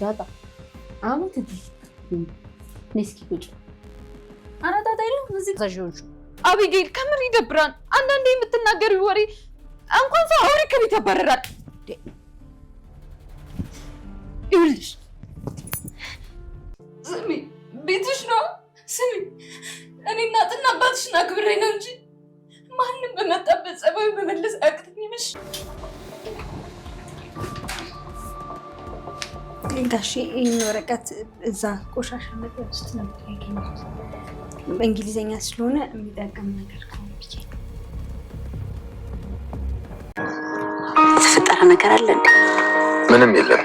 ዳጣ አመት እስኪ ቁጭ። ኧረ ዳጣ የለም እዚህ ዛዦቹ አቢጌል፣ ከምር ይደብራል። አንዳንዴ የምትናገሪው ወሬ እንኳን ሰው አውሪ ከቤት ያባረራል። ይኸውልሽ ስሚ፣ ቤትሽ ነው ስሚ፣ እኔ እናትና አባትሽን አክብሬ ነው እንጂ ማንም በመጣበት ጸባይ በመለስ አያቅትኝ ይመሽ ጋሽ ይህን ወረቀት እዛ ቆሻሻ መጠጥ ውስጥ ነበር ያገኘሁት። በእንግሊዝኛ ስለሆነ የሚጠቀም ነገር ከሆነ ብዬ የተፈጠረ ነገር አለ እንዴ? ምንም የለም።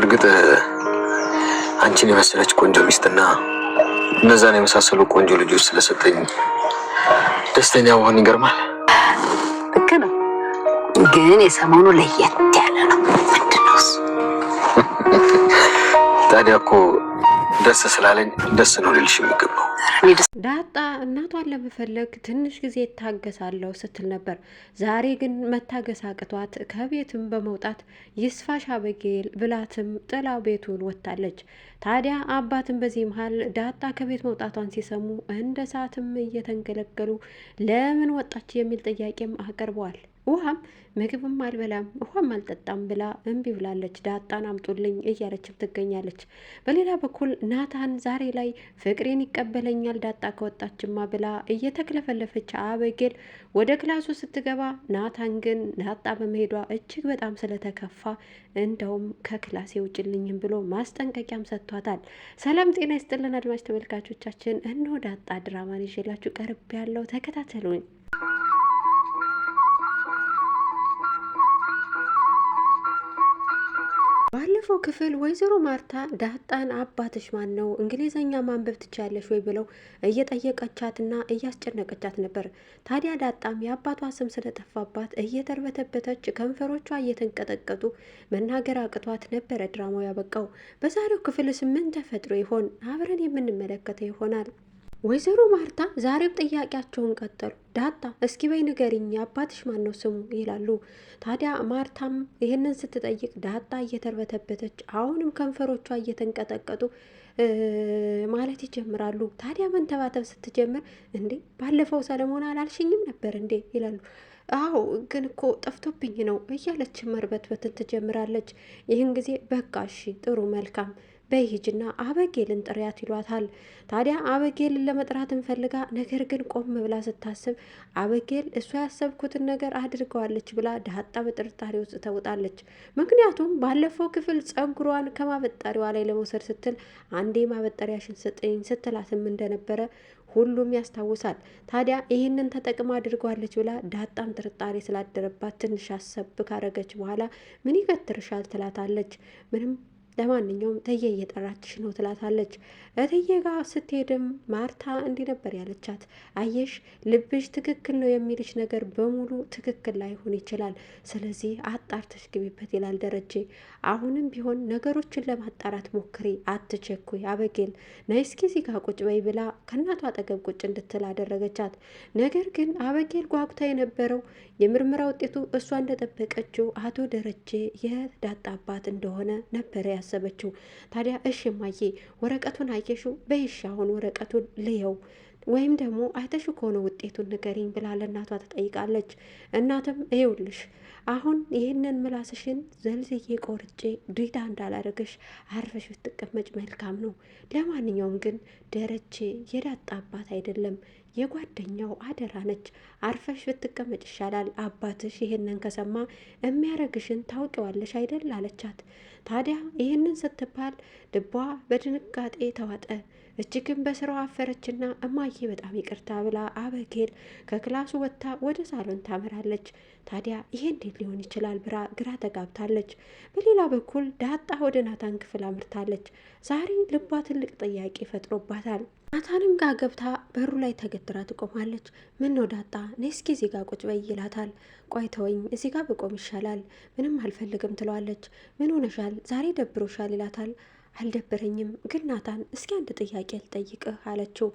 እርግጥ አንቺን የመሰለች ቆንጆ ሚስትና እነዛን የመሳሰሉ ቆንጆ ልጆች ስለሰጠኝ ደስተኛ መሆን ይገርማል። ልክ ነው፣ ግን የሰሞኑ ለየት ያለ ነው። ምንድን ታዲያ እኮ ደስ ስላለኝ ደስ ነው ልልሽ የሚገባው ዳጣ እናቷን ለመፈለግ ትንሽ ጊዜ እታገሳለሁ ስትል ነበር። ዛሬ ግን መታገስ አቅቷት ከቤትም በመውጣት ይስፋሽ አበጌል ብላትም ጥላው ቤቱን ወጥታለች። ታዲያ አባትም በዚህ መሀል ዳጣ ከቤት መውጣቷን ሲሰሙ እንደ ሰዓትም እየተንገለገሉ ለምን ወጣች የሚል ጥያቄም አቅርበዋል። ውሃም ምግብም አልበላም ውሃም አልጠጣም ብላ እምቢ ብላለች። ዳጣን አምጡልኝ እያለችም ትገኛለች። በሌላ በኩል ናታን ዛሬ ላይ ፍቅሬን ይቀበለኛል ዳጣ ከወጣችማ ብላ እየተክለፈለፈች አበጌል ወደ ክላሱ ስትገባ፣ ናታን ግን ዳጣ በመሄዷ እጅግ በጣም ስለተከፋ እንደውም ከክላሴ ውጭልኝም ብሎ ማስጠንቀቂያም ሰጥቷታል። ሰላም ጤና ይስጥልን አድማጭ ተመልካቾቻችን፣ እንሆ ዳጣ ድራማን ይዤላችሁ ቀርብ ያለው ተከታተሉኝ። ባለፈው ክፍል ወይዘሮ ማርታ ዳጣን አባትሽ ማን ነው እንግሊዘኛ ማንበብ ትችያለሽ ወይ ብለው እየጠየቀቻትና እያስጨነቀቻት ነበር። ታዲያ ዳጣም የአባቷ ስም ስለጠፋባት እየተርበተበተች ከንፈሮቿ እየተንቀጠቀጡ መናገር አቅቷት ነበረ ድራማው ያበቃው። በዛሬው ክፍልስ ምን ተፈጥሮ ይሆን? አብረን የምንመለከተው ይሆናል። ወይዘሮ ማርታ ዛሬም ጥያቄያቸውን ቀጠሉ። ዳጣ እስኪ በይ ንገሪኝ አባትሽ ማን ነው ስሙ ይላሉ። ታዲያ ማርታም ይህንን ስትጠይቅ ዳጣ እየተርበተበተች አሁንም ከንፈሮቿ እየተንቀጠቀጡ ማለት ይጀምራሉ። ታዲያ መንተባተብ ስትጀምር እንዴ ባለፈው ሰለሞን አላልሽኝም ነበር እንዴ ይላሉ። አዎ ግን እኮ ጠፍቶብኝ ነው እያለች መርበትበትን ትጀምራለች። ይህን ጊዜ በቃ እሺ ጥሩ መልካም በሂጅና አበጌልን ጥሪያት ይሏታል። ታዲያ አበጌልን ለመጥራት እንፈልጋ ነገር ግን ቆም ብላ ስታስብ አበጌል እሷ ያሰብኩትን ነገር አድርገዋለች ብላ ዳጣ በጥርጣሬ ውስጥ ተውጣለች። ምክንያቱም ባለፈው ክፍል ጸጉሯን ከማበጠሪዋ ላይ ለመውሰድ ስትል አንዴ ማበጠሪያሽን ስጥኝ ስትላትም እንደነበረ ሁሉም ያስታውሳል። ታዲያ ይህንን ተጠቅማ አድርጓለች ብላ ዳጣም ጥርጣሬ ስላደረባት ትንሽ አሰብ ካረገች በኋላ ምን ይከትርሻል ትላታለች። ምንም ለማንኛውም እትዬ እየጠራችሽ ነው ትላታለች። እትዬ ጋር ስትሄድም ማርታ እንዲህ ነበር ያለቻት፣ አየሽ ልብሽ ትክክል ነው የሚልሽ ነገር በሙሉ ትክክል ላይሆን ይችላል። ስለዚህ አጣርተሽ ግቢበት ይላል ደረጀ። አሁንም ቢሆን ነገሮችን ለማጣራት ሞክሪ፣ አትቸኩይ። አበጌል ነይ እስኪ እዚህ ጋር ቁጭ በይ ብላ ከእናቷ አጠገብ ቁጭ እንድትል አደረገቻት። ነገር ግን አበጌል ጓጉታ የነበረው የምርመራ ውጤቱ እሷ እንደጠበቀችው አቶ ደረጀ የዳጣ አባት እንደሆነ ያ ያሰበችው። ታዲያ እሽ ማዬ ወረቀቱን አየሹ? በይሻ አሁን ወረቀቱን ልየው ወይም ደግሞ አይተሽ ከሆነ ውጤቱን ንገሪኝ ብላ ለእናቷ ትጠይቃለች። እናትም ይውልሽ አሁን ይህንን ምላስሽን ዘልዝዬ ቆርጬ ዲዳ እንዳላደረግሽ አርፈሽ ብትቀመጭ መልካም ነው። ለማንኛውም ግን ደረቼ የዳጣ አባት አይደለም የጓደኛው አደራ ነች። አርፈሽ ብትቀመጭ ይሻላል። አባትሽ ይህንን ከሰማ የሚያረግሽን ታውቂዋለሽ አይደል አለቻት። ታዲያ ይህንን ስትባል ልቧ በድንጋጤ ተዋጠ። እጅግም በስራው አፈረችና እማዬ በጣም ይቅርታ ብላ አበጌል ከክላሱ ወጥታ ወደ ሳሎን ታመራለች። ታዲያ ይሄ እንዴት ሊሆን ይችላል ብራ ግራ ተጋብታለች። በሌላ በኩል ዳጣ ወደ ናታን ክፍል አምርታለች። ዛሬ ልቧ ትልቅ ጥያቄ ፈጥሮባታል። ናታንም ጋር ገብታ በሩ ላይ ተገትራ ትቆማለች። ምን ነው ዳጣ ነይ እስኪ እዚህ ጋር ቁጭ በይ ይላታል። ቆይ ተወኝ እዚህ ጋር ብቆም ይሻላል፣ ምንም አልፈልግም ትለዋለች። ምን ሆነሻል ዛሬ ደብሮሻል ይላታል። አልደበረኝም ግን ናታን እስኪ አንድ ጥያቄ ልጠይቅህ አለችው።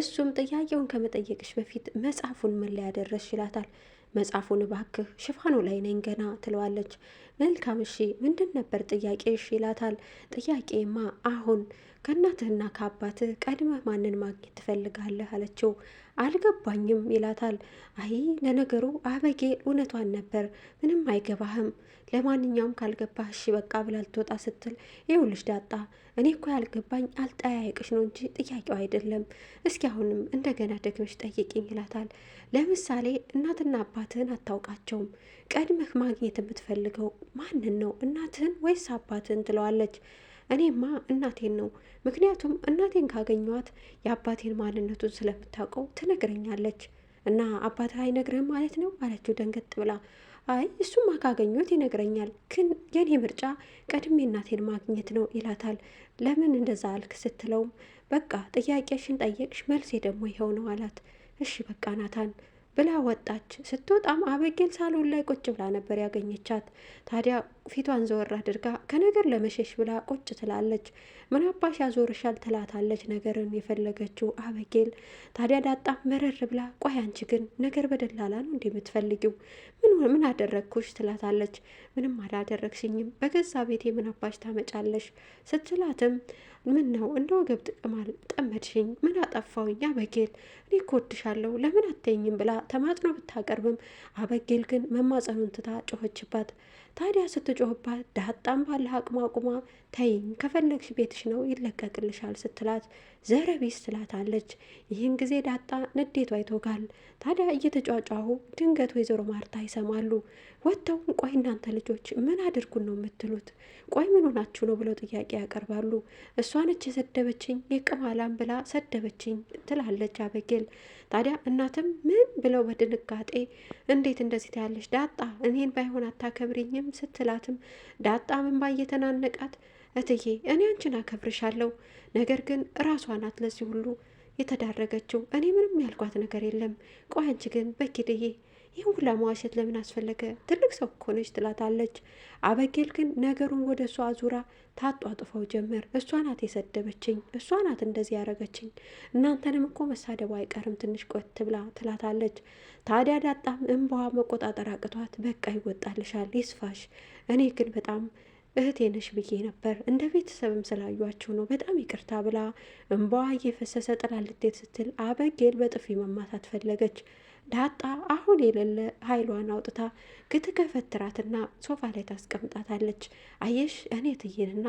እሱም ጥያቄውን ከመጠየቅሽ በፊት መጽሐፉን ምን ላይ ያደረስሽ ይላታል። መጽሐፉን እባክህ ሽፋኑ ላይ ነኝ ገና ትለዋለች። መልካም እሺ ምንድን ነበር ጥያቄሽ ይላታል። ጥያቄማ አሁን ከእናትህና ከአባትህ ቀድመህ ማንን ማግኘት ትፈልጋለህ አለችው። አልገባኝም ይላታል። አይ ለነገሩ አበጌ እውነቷን ነበር፣ ምንም አይገባህም። ለማንኛውም ካልገባህ እሺ በቃ ብላ ልትወጣ ስትል ይኸውልሽ ዳጣ፣ እኔ እኮ ያልገባኝ አልጠያየቅሽ ነው እንጂ ጥያቄው አይደለም። እስኪ አሁንም እንደገና ደግመሽ ጠይቅኝ ይላታል። ለምሳሌ እናትና አባትህን አታውቃቸውም፣ ቀድመህ ማግኘት የምትፈልገው ማንን ነው? እናትህን ወይስ አባትህን? ትለዋለች እኔማ እናቴን ነው። ምክንያቱም እናቴን ካገኟት የአባቴን ማንነቱን ስለምታውቀው ትነግረኛለች። እና አባት አይነግርህም ማለት ነው አለችው ደንገጥ ብላ። አይ እሱማ ካገኘሁት ይነግረኛል፣ ግን የኔ ምርጫ ቀድሜ እናቴን ማግኘት ነው ይላታል። ለምን እንደዛ አልክ ስትለውም በቃ ጥያቄሽን ጠየቅሽ፣ መልሴ ደግሞ ይኸው ነው አላት። እሺ በቃ ናታን ብላ ወጣች። ስትወጣም አበጌል ሳሎን ላይ ቁጭ ብላ ነበር ያገኘቻት። ታዲያ ፊቷን ዘወር አድርጋ ከነገር ለመሸሽ ብላ ቁጭ ትላለች። ምናባሽ ያዞርሻል ትላታለች። ነገርን የፈለገችው አበጌል ታዲያ ዳጣ መረር ብላ ቆይ አንቺ ግን ነገር በደላላ ነው እንዲህ የምትፈልጊው? ምን አደረግኩሽ? ትላታለች። ምንም አላደረግሽኝም በገዛ ቤቴ ምናባሽ ታመጫለሽ ስትላትም ምን ነው እንደ ወገብ ጥቅማል ጠመድሽኝ፣ ምን አጠፋውኝ? አበጌል እኔ እኮ ወድሻለሁ ለምን አተኝም ብላ ተማጽኖ ብታቀርብም አበጌል ግን መማጸኑን ትታ ጮኸችባት። ታዲያ ስትጮህባት ዳጣም ባለ አቅማ አቁማ ተይኝ ከፈለግሽ ቤትሽ ነው ይለቀቅልሻል ስትላት ዘረቢስ ትላታለች። ይህን ጊዜ ዳጣ ንዴቷ ይቶጋል። ታዲያ እየተጫጫሁ ድንገት ወይዘሮ ማርታ ይሰማሉ። ወጥተው ቆይ እናንተ ልጆች ምን አድርጉን ነው የምትሉት? ቆይ ምን ሆናችሁ ነው ብለው ጥያቄ ያቀርባሉ። እሷ ነች የሰደበችኝ የቅማላም ብላ ሰደበችኝ ትላለች አበጌል ታዲያ እናትም ምን ብለው በድንጋጤ እንዴት እንደዚህ ትያለሽ ዳጣ እኔን ባይሆን አታከብሪኝም ስትላትም ዳጣ ምን ባየተናነቃት እትዬ እኔ አንቺን አከብርሻለሁ ነገር ግን እራሷ ናት ለዚህ ሁሉ የተዳረገችው እኔ ምንም ያልኳት ነገር የለም ቆይ አንቺ ግን በኪድዬ ይህን ሁላ መዋሸት ለምን አስፈለገ? ትልቅ ሰው እኮ ነች ትላታለች። አበጌል ግን ነገሩን ወደ እሷ አዙራ ታጧጥፈው ጀመር። እሷ ናት የሰደበችኝ፣ እሷ ናት እንደዚህ ያደረገችኝ፣ እናንተንም እኮ መሳደቡ አይቀርም ትንሽ ቆት ብላ ትላታለች። ታዲያ ዳጣም እንባዋ መቆጣጠር አቅቷት በቃ ይወጣልሻል፣ ይስፋሽ፣ እኔ ግን በጣም እህቴ ነሽ ብዬ ነበር እንደ ቤተሰብም ስላዩችሁ ነው በጣም ይቅርታ ብላ እንባዋ እየፈሰሰ ጥላ ልትሄድ ስትል አበጌል በጥፊ መማታት ፈለገች። ዳጣ አሁን የሌለ ኃይሏን አውጥታ ክትከፈትራትና ሶፋ ላይ ታስቀምጣታለች። አየሽ እኔ ትዬንና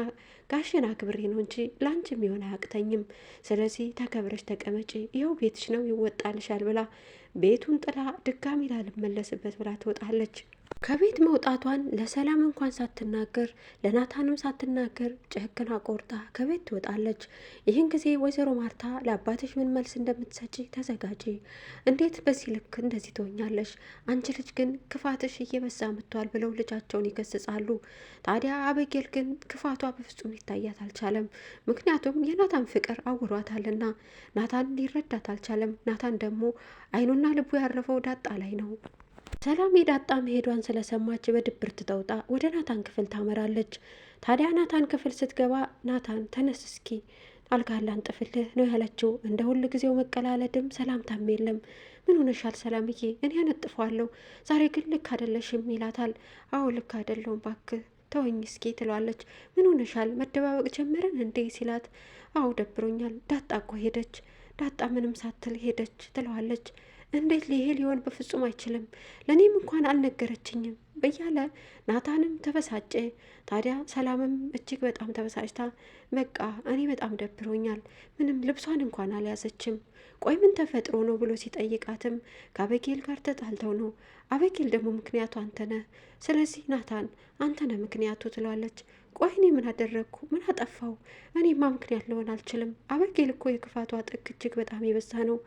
ጋሽን አክብሬ ነው እንጂ ለአንቺ የሚሆን አያቅተኝም። ስለዚህ ተከብረሽ ተቀመጪ፣ ይኸው ቤትሽ ነው ይወጣልሻል ብላ ቤቱን ጥላ ድጋሚ ላልመለስበት ብላ ትወጣለች። ከቤት መውጣቷን ለሰላም እንኳን ሳትናገር ለናታንም ሳትናገር ጭህቅና ቆርጣ ከቤት ትወጣለች። ይህን ጊዜ ወይዘሮ ማርታ ለአባትሽ ምን መልስ እንደምትሰጪ ተዘጋጂ። እንዴት በዚህ ልክ እንደዚህ ትሆኛለሽ? አንቺ ልጅ ግን ክፋትሽ እየበዛ ምቷል ብለው ልጃቸውን ይገስጻሉ። ታዲያ አበጌል ግን ክፋቷ በፍጹም ይታያት አልቻለም። ምክንያቱም የናታን ፍቅር አውሯታልና ናታን ሊረዳት አልቻለም። ናታን ደግሞ አይኑና ልቡ ያረፈው ዳጣ ላይ ነው። ሰላም የዳጣ መሄዷን ስለሰማች በድብርት ተውጣ ወደ ናታን ክፍል ታመራለች። ታዲያ ናታን ክፍል ስትገባ ናታን ተነስ እስኪ አልጋላን ጥፍልህ ነው ያለችው። እንደ ሁል ጊዜው መቀላለድም ሰላምታም የለም። ምን ሆነሻል ሰላምዬ? እኔ ያነጥፏለሁ ዛሬ ግን ልክ አደለሽም ይላታል። አዎ ልክ አይደለሁም እባክህ ተወኝ እስኪ ትለዋለች። ምን ሆነሻል መደባበቅ ጀመርን እንዴ ሲላት፣ አዎ ደብሮኛል ዳጣ እኮ ሄደች ዳጣ ምንም ሳትል ሄደች ትለዋለች። እንዴት ሊሄ ሊሆን በፍጹም አይችልም፣ ለእኔም እንኳን አልነገረችኝም እያለ ናታንም ተበሳጨ። ታዲያ ሰላምም እጅግ በጣም ተበሳጭታ በቃ እኔ በጣም ደብሮኛል፣ ምንም ልብሷን እንኳን አልያዘችም፣ ቆይ ምን ተፈጥሮ ነው ብሎ ሲጠይቃትም ከአበጌል ጋር ተጣልተው ነው፣ አበጌል ደግሞ ምክንያቱ አንተ ስለዚህ ናታን አንተ ምክንያቱ ትሏለች። ቆይ እኔ ምን አደረግኩ? ምን አጠፋው? እኔ ማ ምክንያት ልሆን አልችልም። አበጌል እኮ የክፋቷ ጥግ እጅግ በጣም የበዛ ነው።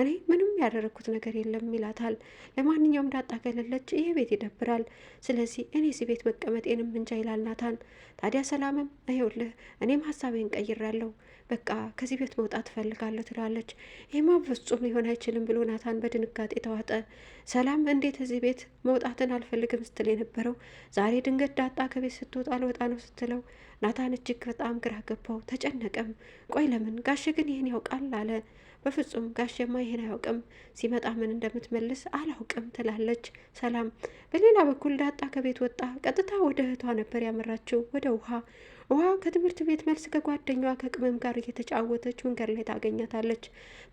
እኔ ምንም ያደረግኩት ነገር የለም ይላታል። ለማንኛውም ዳጣ ገለለች፣ ይሄ ቤት ይደብራል። ስለዚህ እኔ እዚህ ቤት መቀመጤንም እንጃ ይላል ናታን። ታዲያ ሰላምም ይኸውልህ እኔም ሀሳቤን ቀይራለሁ በቃ ከዚህ ቤት መውጣት እፈልጋለሁ ትላለች። ይህማ ፍጹም ሊሆን አይችልም ብሎ ናታን በድንጋጤ ተዋጠ። ሰላም እንዴት እዚህ ቤት መውጣትን አልፈልግም ስትል የነበረው ዛሬ ድንገት ዳጣ ከቤት ስትወጣ አልወጣ ነው ስትለው ናታን እጅግ በጣም ግራ ገባው፣ ተጨነቀም። ቆይ ለምን ጋሽ ግን ይህን ያውቃል አለ። በፍጹም ጋሽማ ይህን አያውቅም፣ ሲመጣ ምን እንደምትመልስ አላውቅም ትላለች ሰላም። በሌላ በኩል ዳጣ ከቤት ወጣ፣ ቀጥታ ወደ እህቷ ነበር ያመራችው ወደ ውሃ ውሃ ከትምህርት ቤት መልስ ከጓደኛዋ ከቅመም ጋር እየተጫወተች መንገድ ላይ ታገኛታለች።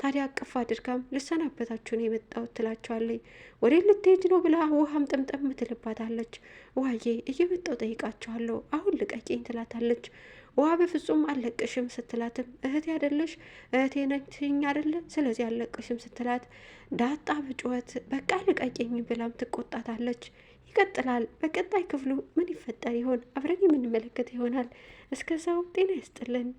ታዲያ አቅፍ አድርጋም ልሰናበታችሁ ነው የመጣሁት ትላቸዋለች። ወደ ልትሄጅ ነው ብላ ውሃም ጥምጥም ትልባታለች። ውሃዬ እየመጣሁ ጠይቃችኋለሁ አሁን ልቀቂኝ ትላታለች። ውሃ በፍጹም አለቅሽም ስትላትም እህቴ አይደለሽ እህቴ ነችኝ አደለ ስለዚህ አለቅሽም ስትላት ዳጣ በጩኸት በቃ ልቀቂኝ ብላም ትቆጣታለች። ይቀጥላል። በቀጣይ ክፍሉ ምን ይፈጠር ይሆን? አብረን የምንመለከት ይሆናል። እስከዛው ጤና ይስጥልን።